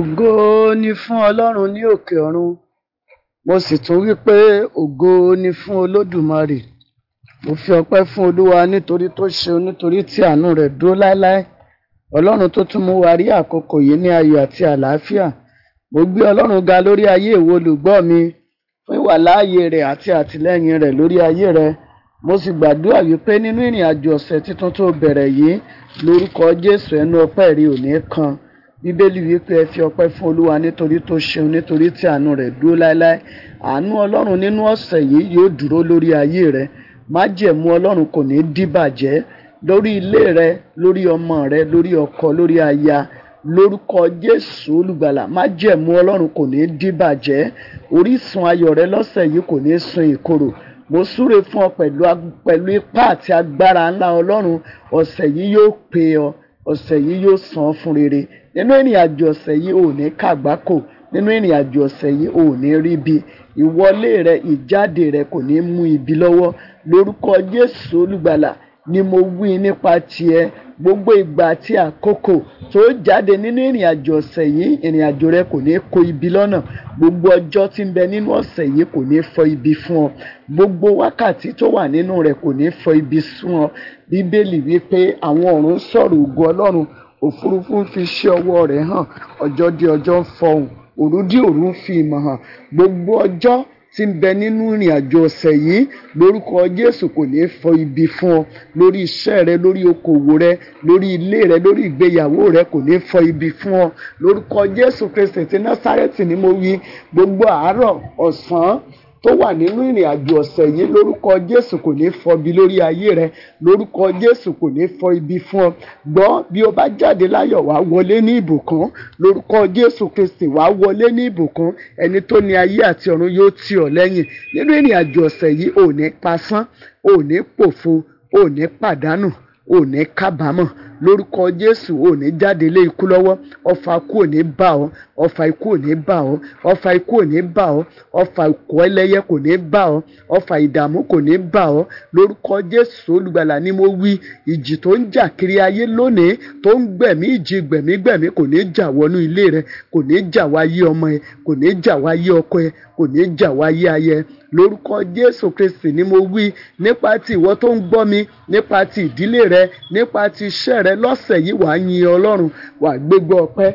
ògo ni fún ọlọ́run ní òkè ọ̀run mo sì tún wí pé ògo ni fún olódùmarè mo fi ọpẹ́ fún olúwa nítorí tó ṣe nítorí tí àánú rẹ̀ dúró láéláé ọlọ́run tó tún mú wa rí àkókò yìí ní ayọ̀ àti àlàáfíà mo gbé ọlọ́run ga lórí ayé ìwọ olùgbọ́ mi fún ìwà láàyè rẹ̀ àti àtìlẹ́yìn rẹ̀ lórí ayé rẹ̀ mo sì gbàdúrà wípé nínú ìrìn àjò ọ̀sẹ̀ tuntun tó bẹ̀rẹ̀ yìí lórúkọ jésù ẹnu ọpẹ́ rí òní kan bíbélì wípé ẹ fi ọpẹ́ fún olúwa nítorí tó ṣeun nítorí tí àánú rẹ̀ dúró láéláé àánú ọlọ́run nínú ọ̀sẹ̀ yìí yóò dúró lórí ayé rẹ májẹ̀mú ọlọ́run kò ní dìbàjẹ́ lórí ilé rẹ lórí ọmọ rẹ lórí ọkọ lórí aya lórúkọ jésù olùgbàlà májẹ̀mú ọlọ́run kò ní dìbàjẹ́ orísun ayọ̀ rẹ lọ́sẹ̀ yìí kò ní sun ìkorò mo súre fún ọ pẹ̀lú ipá àti agbára ńlá ọlọ́run ọ̀sẹ̀ yìí yóò pè ọ ọ̀sẹ̀ yìí yóò san ọ́ fún rere nínú ìrìn àjò ọ̀sẹ̀ yìí ò ní kàgbákò nínú ìrìn àjò ọ̀sẹ̀ yìí ò ní rí ibi ìwọlé rẹ ìjáde rẹ kò ní mú ibi lọ́wọ́ lórúkọ Jésù olùgbàlà ni mo wí nípa tiẹ̀ gbogbo ìgbà àti àkókò tó jáde nínú ìrìn àjò ọ̀sẹ̀ yìí ìrìn àjò rẹ kò ní kó ibi lọ́nà gbogbo ọjọ́ tí ń bẹ nínú ọ̀sẹ̀ yìí kò ní fọ ibi fún ọ gbogbo wákàtí tó wà nínú rẹ kò ní fọ ibi sún ọ bíbélì wípé àwọn ọ̀run sọ̀rọ̀ ògo ọlọ́run òfurufú fi iṣẹ́ ọwọ́ rẹ̀ hàn ọjọ́ di ọjọ́ ń fọhùn òru fi ìmọ̀ hàn gbogbo ọjọ́ tí ń bẹ nínú ìrìn àjò ọ̀sẹ̀ yìí lórúkọ Jésù kò ní fọ ibi fún ọ lórí iṣẹ́ rẹ lórí okòwò rẹ lórí ilé rẹ lórí ìgbéyàwó rẹ kò ní fọ ibi fún ọ lórúkọ Jésù Kristi ti Násárẹ́tì ni mo wí gbogbo àárọ̀ ọ̀sán tó wà nínú ìrìn àjò ọ̀sẹ̀ yìí lórúkọ Jésù kò ní fọbi lórí ayé rẹ lórúkọ Jésù kò ní fọ ibi fún ọ gbọ́ bí o bá jáde láyọ̀ wá wọlé ní ìbùkún lórúkọ Jésù Kristi wá wọlé ní ìbùkún ẹni tó ní ayé àti ọ̀run yóò tì ọ́ lẹ́yìn nínú ìrìn àjò ọ̀sẹ̀ yìí ò ní pasán ò ní pòfo ò ní pàdánù ò ní kábàámọ̀ lórúkọ jésù ò ní jáde lé ikú lọ́wọ́ ọfà ikú ò ní bá ọ ọfà ikú ò ní bá ọ ọfà ikú ò ní bá ọ ọfà ikú ẹlẹ́yẹ kò ní bá ọ ọfà ìdààmú kò ní bá ọ lórúkọ jésù olùgbàlà ni mo wí ìjì tó ń jà kiri ayé lónìí tó ń gbẹ̀mí ìjì gbẹ̀mígbẹ̀mí kò ní jà wọnú ilé rẹ kò ní jà wá ọmọ ẹ kò ní jà wá ọkọ ẹ kò ní jà wá ayẹ lórúkọ jésù kristi ni mo wí nípa ti ìwọ tó ń gbọ́ mi nípa ti ìdílé rẹ nípa ti iṣẹ́ rẹ rẹ lọ́sẹ̀ yìí wàá yin ọlọ́run wàá gbégbá ọpẹ́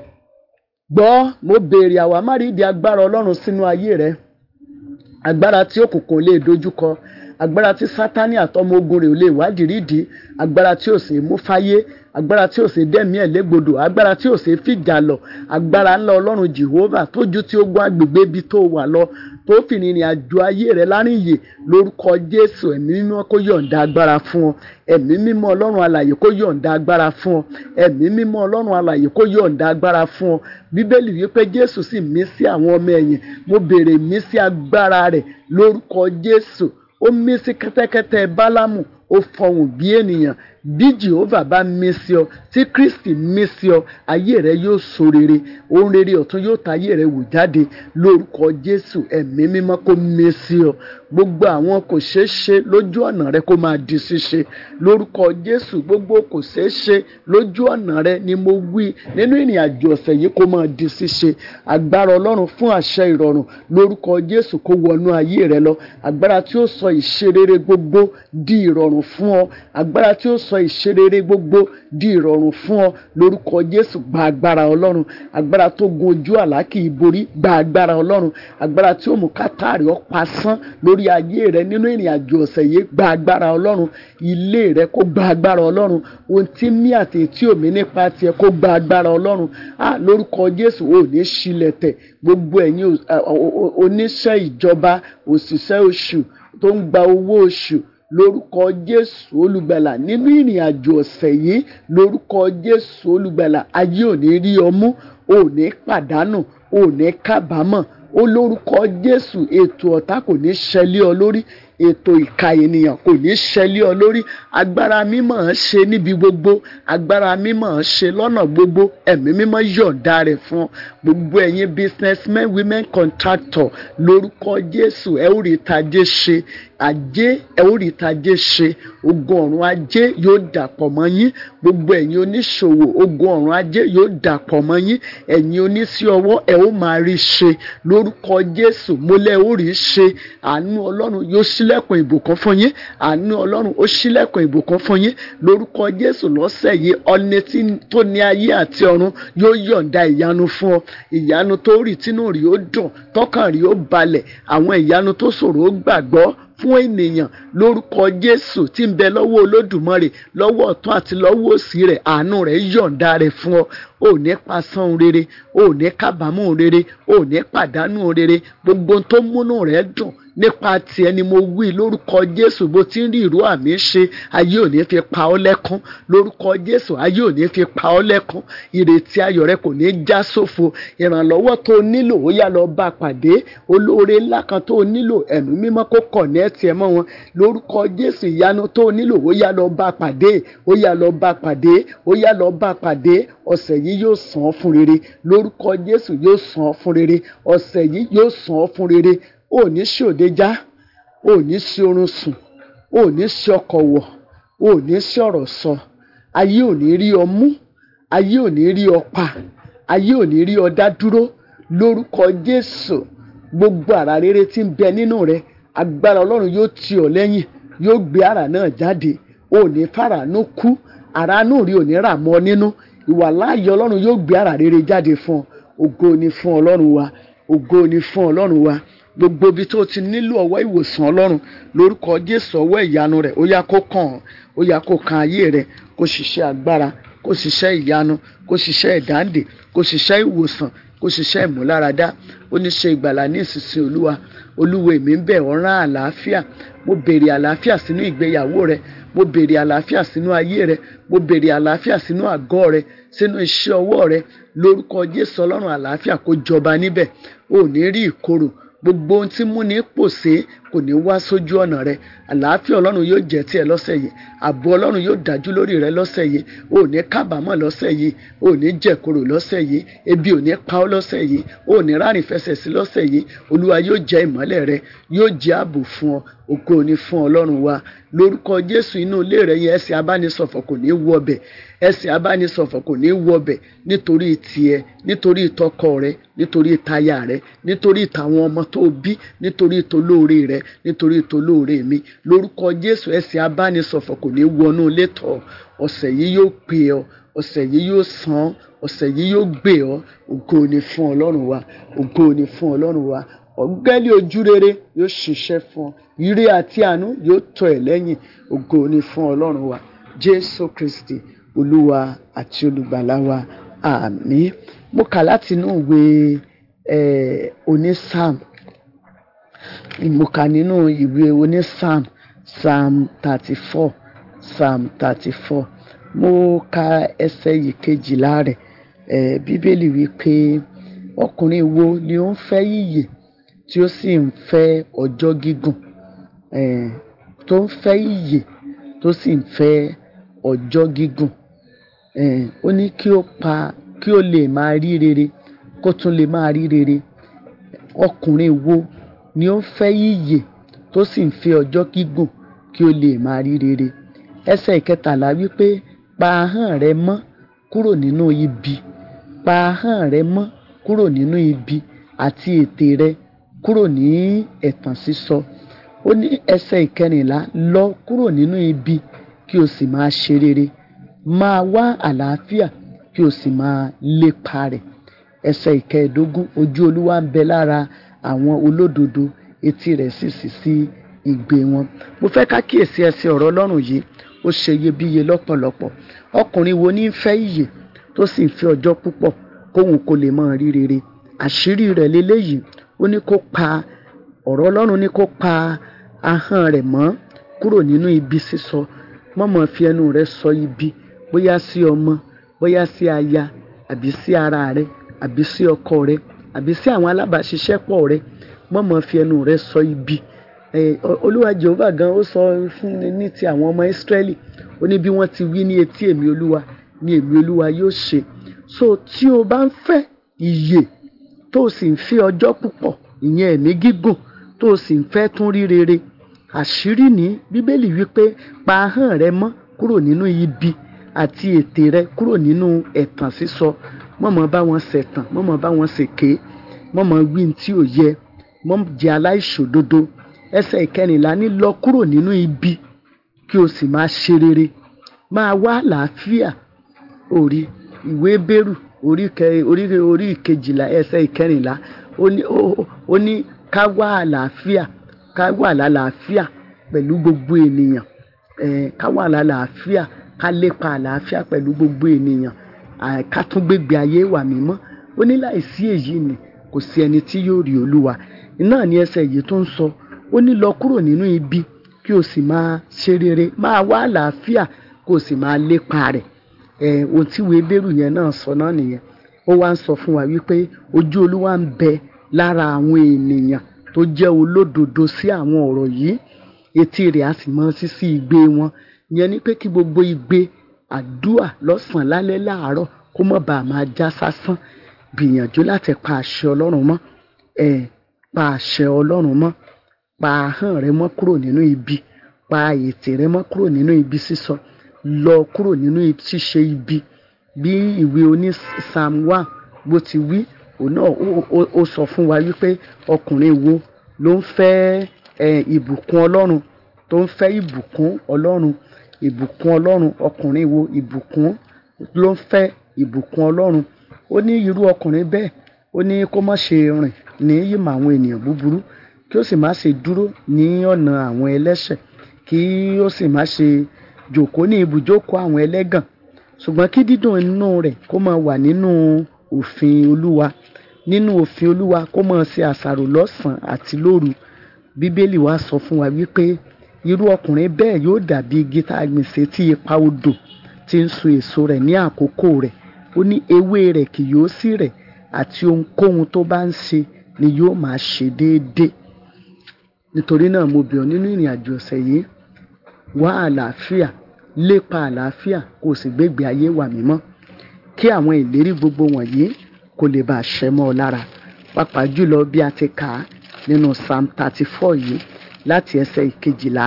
gbọ́ mo béèrè àwa má rí ìdí agbára ọlọ́run sínú ayé rẹ agbára tí òkùnkùn lè dojúkọ agbára tí sátani àtọmọ ogun rẹ̀ ò lè wádìí rídìí agbára tí ò sì mú fáyé agbára tí ò ṣe dẹ́mi ẹ̀ légbodò agbára tí ò ṣe fìjà lọ agbára ńlá ọlọ́run jehovah tó ju ti ogun agbègbè ibi tó wà lọ tó fi rìnrìn àjò ayé rẹ láríyè lórúkọ jésù ẹ̀mí mímọ́ kó yọ̀ǹda agbára fún ọ ẹ̀mí mímọ́ ọlọ́run alàyè kó yọ̀ǹda agbára fún ọ ẹ̀mí mímọ́ ọlọ́run alàyè kó yọ̀ǹda agbára fún ọ bíbélì wípé jésù sì mí sí àwọn ọmọ ẹ̀yìn mo béèrè mí sí agbára rẹ̀ lórúkọ jésù ó mí sí kẹ́tẹ́kẹ́tẹ́ bálámù ó fọhùn bí ènìyàn bí jehova bá mí sí ọ tí kristi mí sí ọ ayé rẹ yóò so rere ohun rere ọ̀tun yóò ta ayé rẹ wò jáde lórúkọ jésù ẹ̀mí mímọ́ kó mí sí ọ gbogbo àwọn kò ṣeé ṣe lójú ọ̀nà rẹ kó máa di ṣíṣe lórúkọ jésù gbogbo kò ṣeé ṣe lójú ọ̀nà rẹ ni mo wí nínú ìrìn àjò ọ̀sẹ̀ yìí kó máa di ṣíṣe agbára ọlọ́run fún àṣẹ ìrọ̀rùn lórúkọ jésù kó wọnú ayé rẹ lọ agbára tí ó sọ ìṣerere gbogbo di ìrọ̀rùn fún ọ agbára tí ó sọ sọ ìṣerere gbogbo di ìrọ̀rùn fún ọ lórúkọ Jésù gba agbára Ọlọ́run agbára tó gun ojú àlá kì í borí gba agbára Ọlọ́run agbára tí ó mú kátàrí ọ pasán lórí ayé rẹ nínú ìrìn àjò ọ̀sẹ̀ yìí gba agbára Ọlọ́run ilé rẹ kó gba agbára Ọlọ́run ohun tí ní àti tí òmí nípa tiẹ̀ kó gba agbára Ọlọ́run à lórúkọ Jésù ò ní ṣílẹ̀ tẹ̀ gbogbo ẹ̀yin oníṣẹ́ ìjọba òṣìṣẹ́ oṣù tó ń gba owó oṣù lórúkọ jésù olùgbàlà nínú ìrìn àjò ọ̀sẹ̀ yìí lórúkọ jésù olùgbàlà ayé ò ní rí ọmú ò ní pàdánù ò kábàámọ̀ ó jésù ètò ọ̀tá kò ní ṣẹlẹ̀ ọ lórí ètò ìka ènìyàn kò ní ṣẹlẹ̀ ọ lórí agbára mímọ́ ṣe níbi gbogbo agbára mímọ́ ṣe lọ́nà gbogbo ẹ̀mí mímọ́ yọ̀ǹda rẹ̀ fún gbogbo ẹ̀yin businessmen women contractor lórúkọ Jésù ẹ ó rí tajé ṣe ajé ẹ ó rí tajé ṣe ogun ọ̀run ajé yóò dàpọ̀ mọ́ yín gbogbo ẹ̀yin oníṣòwò ogun ọ̀run ajé yóò dàpọ̀ mọ́ yín ẹ̀yin oníṣẹ́ ọwọ́ ẹ ó máa rí ṣe lórúkọ Jésù mọ́lẹ̀ ó ṣe àánú Ọlọ́run yóò sì ṣílẹ̀kùn ìbò kan fún yín àánú ọlọ́run ó ṣílẹ̀kùn ìbò kan fún yín lórúkọ jésù lọ́sẹ̀ yìí ọ̀nẹ́ tí tó ní ayé àti ọ̀run yóò yọ̀ǹda ìyanu fún ọ ìyanu tó rì tínú rì ó dùn tọkàn rì ó balẹ̀ àwọn ìyanu tó ṣòro ó gbàgbọ́ fún ènìyàn lórúkọ jésù tí ń bẹ lọ́wọ́ olódùmarè lọ́wọ́ ọ̀tún àti lọ́wọ́ òsì rẹ̀ àánú rẹ̀ yọ̀ǹda rẹ̀ fún ọ ò ní pasán rere ò ní kábàámọ̀ rere ò ní pàdánù rere gbogbo tó múnú rẹ̀ dùn nípa tiẹ̀ ni mo wí lórúkọ Jésù bó ti ń rí ìró àmì ṣe ayé ò ní fi pa ọ́ lẹ́kún lórúkọ Jésù ayé ò ní fi pa ọ́ lẹ́kún ìrètí ayọ̀ rẹ kò ní já sófo ìrànlọ́wọ́ tó nílò ó yá lọ bá pàdé olóore ńlá kan tó nílò ẹ̀mí mímọ́ kó kọ̀ ní ẹ̀tì ẹ̀ mọ́ wọn lórúkọ Jésù ìyanu tó nílò ó yá lọ bá pàdé ó yá lọ bá pàdé ó yá lọ bá pàdé ọ̀sẹ̀ yìí yóò sàn án fún rere lórúkọ Jésù yóò sàn án fún rere ọ̀sẹ̀ yìí yóò sàn án fún rere ò ní ṣòde já ò ní sí oorun sùn ò ní sí ọkọ̀ wọ̀ ò ní sí ọ̀rọ̀ sọ ayé ò ní rí ọ mú ayé ò ní rí ọ pa ayé ò ní rí ọ dá dúró lórúkọ Jésù gbogbo àrà rere tí ń bẹ nínú rẹ agbára Ọlọ́run yóò tì ọ́ lẹ́yìn yóò gbé àrà náà jáde ò ní fàràánú kú àràánú rí ò rà mọ́ nínú ìwà láàyè Ọlọ́run yóò gbé àrà rere jáde fún ọ ògo ni fún Ọlọ́run wa ògo ni fún Ọlọ́run wa gbogbo ibi tó ti nílò ọwọ́ ìwòsàn ọlọ́run lórúkọ jésù ọwọ́ ìyanu rẹ̀ ó yá kó kàn ó yá kó kan ayé rẹ̀ kó ṣiṣẹ́ agbára kó ṣiṣẹ́ ìyanu kó ṣiṣẹ́ ìdáǹdè kó ṣiṣẹ́ ìwòsàn kó ṣiṣẹ́ ìmúláradá ó ní ṣe ìgbàlà ní ìsinsìn olúwa olúwa èmi ń bẹ̀ ọ́ rán àlàáfíà mo béèrè àlàáfíà sínú ìgbéyàwó rẹ mo béèrè àlàáfíà sínú ayé rẹ mo béèrè àlàáfíà sínú àgọ́ rẹ sínú iṣẹ́ ọwọ́ rẹ lórúkọ jésù ọlọ́run àlàáfíà kó jọba níbẹ̀ ò ní rí ìkorò gbogbo ohun tí mú ní pòṣé kò ní wá sójú ọ̀nà rẹ àlàáfíà ọlọ́run yóò jẹ́ tiẹ̀ lọ́sẹ̀ yìí ààbò ọlọ́run yóò dájú lórí rẹ lọ́sẹ̀ yìí o ò ní kábàámọ̀ lọ́sẹ̀ yìí o ò ní jẹ̀kọ̀rọ̀ lọ́sẹ̀ yìí ebi ò ní pa ọ́ lọ́sẹ̀ yìí o ò ní rárìn fẹsẹ̀ sí lọ́sẹ̀ yìí olúwa yóò jẹ́ ìmọ́lẹ̀ rẹ yóò jẹ́ ààbò fún ọ òkò ni fún ọlọ́run wa lórúkọ jésù inú ilé rẹ yẹn ẹsẹ̀ abánisọ̀fọ̀ kò ní wọbẹ̀ ẹsẹ̀ abánisọ̀fọ̀ kò ní wọbẹ̀ nítorí tiẹ̀ nítorí ìtọ́kọ rẹ nítorí ìtayà rẹ nítorí ìtàwọn ọmọ tó bí nítorí ìtòlóore rẹ nítorí ìtòlóore mi lórúkọ jésù ẹsẹ̀ abánisọ̀fọ̀ kò ní wọnú ilé tọ̀ ọ̀sẹ̀ yìí yóò pè ọ́ ọ̀sẹ̀ yìí yóò san ọ̀sẹ̀ yìí yóò gbé ọ ògo ni fún ọlọ́run wa ògo ni fún ọlọ́run wa ọ̀gẹ́lì ojú rere yóò ṣiṣẹ́ fún ọ ire àti àánú yóò tọ̀ ẹ́ lẹ́yìn ògo ni fún ọlọ́run wa jésù kristi olúwa àti olùgbàlà wa àmín mo kà láti inú ìwé onísàm mo kà nínú ìwé onísàm psalm thirty four psalm thirty four mo ka ẹsẹ̀ yìí kejìlá rẹ̀ bíbélì wí ọkùnrin wo ni ó ń fẹ́ yìyè tí ó sì ń fẹ́ ọjọ́ gígùn tó ń fẹ́ ìyè tó sì ń fẹ́ ọjọ́ gígùn ó ní kí ó pa kí ó lè máa rí rere kó tún lè máa rí rere ọkùnrin wo ni ó ń fẹ́ ìyè tó sì ń fẹ́ ọjọ́ gígùn kí ó lè máa rí rere ẹsẹ̀ ìkẹtàlá wípé pa ahọ́n rẹ mọ́ kúrò nínú ibi pa ahọ́n rẹ mọ́ kúrò nínú ibi àti ètè rẹ kúrò ní ẹ̀tàn sísọ ó ní ẹsẹ̀ ìkẹrìnlá lọ kúrò nínú ibi kí o sì máa ṣe rere máa wá àlàáfíà kí o sì máa lépa rẹ̀ ẹsẹ̀ ìkẹẹ̀dógún ojú olúwa ń bẹ lára àwọn olódodo etí rẹ̀ sì sì sí ìgbé wọn mo fẹ́ ká kíyèsí ẹsẹ̀ ọ̀rọ̀ ọlọ́run yìí ó ṣe iyebíye lọ́pọ̀lọpọ̀ ọkùnrin wo ní í fẹ́ ìyè tó sì ń fẹ́ ọjọ́ púpọ̀ kóhun kò lè máa rí rere àṣírí rẹ̀ leléyìí ó ní kó pa ọ̀rọ̀ ọlọ́run ní kó pa ahọ́n rẹ̀ mọ́ kúrò nínú ibi sísọ mọ́mọ́ fi ẹnu rẹ̀ sọ ibi bóyá sí ọmọ bóyá sí aya àbí sí ara rẹ àbí sí ọkọ rẹ àbí sí àwọn alábàáṣiṣẹ́pọ̀ rẹ mọ́mọ́ fi ẹnu rẹ̀ sọ ibi olúwa jehova gan ó sọ fún mi ní ti àwọn ọmọ israẹli ó ní bí wọ́n ti wí ní etí èmi olúwa ni èmi olúwa yóò ṣe so tí o bá ń fẹ́ ìyè tó o sì ń fi ọjọ́ púpọ̀ ìyẹn ẹ̀mí gígùn tó o sì ń fẹ́ tún rí rere àṣírí ní bíbélì wípé pa ahọ́n rẹ mọ́ kúrò nínú ibi àti ètè rẹ kúrò nínú ẹ̀tàn sísọ mọ̀mọ́ bá wọn ṣẹ̀tàn mọ̀mọ́ bá wọn ṣèké mọ̀mọ́ wí tí ò yẹ mọ̀ jẹ́ aláìṣòdodo ẹsẹ̀ ìkẹrìnlá ní lọ kúrò nínú ibi kí o sì máa ṣe rere máa wá àlàáfíà òrí ìwé bẹ́rù orí kejìlá ẹsẹ̀ ìkẹrìnlá ó ní ká wà àlàáfíà ká wà lálàáfíà pẹ̀lú gbogbo ènìyàn ká wà lálàáfíà ká lépa àlàáfíà pẹ̀lú gbogbo ènìyàn ká tún gbégbé ayé wà mímọ́ ó ní láìsí èyí ni kò sí ẹni tí yóò rí olúwa náà ni ẹsẹ̀ yìí tó ń sọ ó ní lọ kúrò nínú ibi kí o sì máa ṣe rere máa wá àlàáfíà kó o sì máa lépa rẹ̀ ohun tí ìwé bẹ́rù yẹn náà sọ náà nìyẹn ó wá ń sọ fún wa wípé ojú olúwa ń bẹ lára àwọn ènìyàn tó jẹ́ olódodo sí àwọn ọ̀rọ̀ yìí etí rẹ̀ á sì mọ́ sí igbe wọn yẹn ni pé kí gbogbo igbe àdúà lọ́sàn-án lálẹ́ láàárọ̀ kó mọ̀ bá máa já sásán gbìyànjú láti pa àṣẹ ọlọ́run mọ́ ẹ̀ pa àṣẹ ọlọ́run mọ́ pa ahọ́n rẹ mọ́ kúrò nínú ibi pa ètè rẹ mọ́ kúrò nínú ibi sísọ. Si lọ kúrò nínú ṣíṣe ibi bí ìwé oní psalm one bó ti wí òun náà ó sọ fún wa wípé ọkùnrin wo ló ń fẹ́ ìbùkún ọlọ́run tó ń fẹ́ ìbùkún ọlọ́run ìbùkún ọlọ́run ọkùnrin wo ìbùkún ló ń fẹ́ ìbùkún ọlọ́run ó ní irú ọkùnrin bẹ́ẹ̀ ó ní kó má ṣe rìn ní ìmọ̀ àwọn ènìyàn búburú kí ó sì má ṣe dúró ní ọ̀nà àwọn ẹlẹ́ṣẹ̀ kí ó sì má ṣe jòkó ní ibùjókòó àwọn ẹlẹ́gàn ṣùgbọ́n kí dídùn inú rẹ̀ kó máa wà nínú òfin olúwa nínú òfin olúwa kó máa ṣe àṣàrò lọ́sàn-án àti lóru bíbélì wa sọ fún wa wípé irú ọkùnrin bẹ́ẹ̀ yóò dàbí igi tá a gbìn sétí ipa odò tí ń so èso rẹ̀ ní àkókò rẹ̀ ó ní ewé rẹ̀ kì yóò sì rẹ̀ àti ohunkóhun tó bá ń ṣe ni yóò máa ṣe déédéé nítorí náà mo bẹ̀ nínú ìrìn àjò ọ̀sẹ̀ yìí wá àlàáfíà lépa àlàáfíà kó o sì gbégbé ayé wà mímọ́ kí àwọn ìlérí gbogbo wọ̀nyí kó lè bá a ṣẹ mọ́ ọ lára pàápàá jùlọ bí a ti kà á nínú psalm thirty four yìí láti ẹsẹ̀ ìkejìlá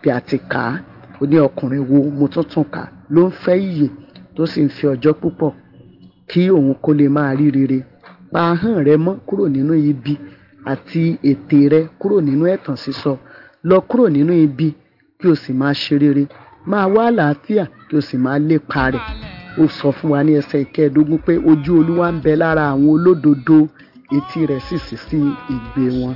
bí a ti kà á ó ní ọkùnrin wo mo tún tún kà ló ń fẹ́ iyè tó sì ń fi ọjọ́ púpọ̀ kí òun kó lè máa rí rere pa ahọ́n rẹ mọ́ kúrò nínú ibi àti ètè rẹ kúrò nínú ẹ̀tàn sísọ lọ kúrò nínú ibi kí o sì máa ṣe rere máa wá àlàáfíà kí o sì máa lépa rẹ̀ ó sọ fún wa ní ẹsẹ̀ ìkẹẹ̀ẹ́dógún pé ojú olúwa ń bẹ lára àwọn olódodo etí rẹ̀ sì sì sí igbe wọn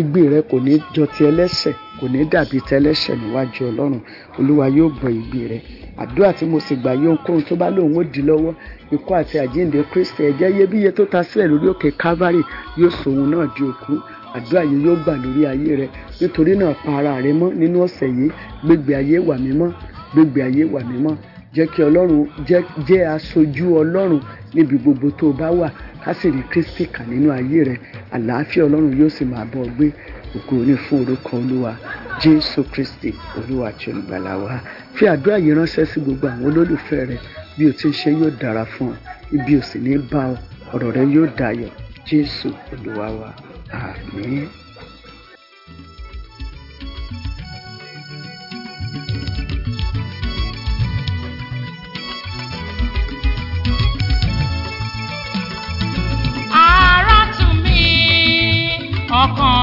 igbe rẹ̀ kò ní jọ ti ẹlẹ́ṣẹ̀ kò ní dàbí ti ẹlẹ́ṣẹ̀ níwájú ọlọ́run olúwa yóò gbọ́ igbe rẹ̀ àdúrà tí mo sì gbà yí ohunkóhun tó bá lóun ó di lọ́wọ́ ikú àti àjíǹde kristi ẹ̀jẹ̀ iyebíye tó ta sílẹ̀ lórí òkè calvary yóò sòun náà di òkú àdúrà yìí yóò gbà lórí ayé rẹ nítorí náà pa ara rẹ mọ́ nínú ọ̀sẹ̀ yìí gbégbé ayé wà mímọ́ gbégbé ayé wà mímọ́ jẹ́ kí ọlọ́run jẹ́ jẹ́ aṣojú ọlọ́run níbi gbogbo tó o bá wà ká sì rí kristi kà nínú ayé rẹ àlàáfíà ọlọ́run yóò sì máa bọ́ ọ gbé ògo ní fún orúkọ olúwa jésù kristi olúwa àti olùgbàlà wa fi àdúrà yìí ránṣẹ́ sí gbogbo àwọn olólùfẹ́ rẹ bí o ti ń ṣe yóò dára fún ọ ibi ò sì ní bá ọ ọ̀rọ̀ rẹ yóò dayọ̀ jésù olúwa wa. Amén. ọkàn.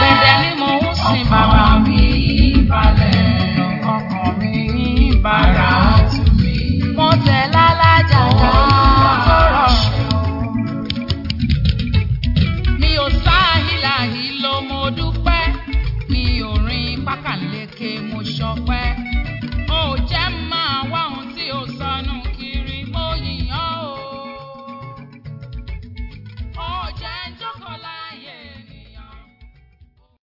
bẹ̀bẹ̀ ni mò ń sìn bàbá mi.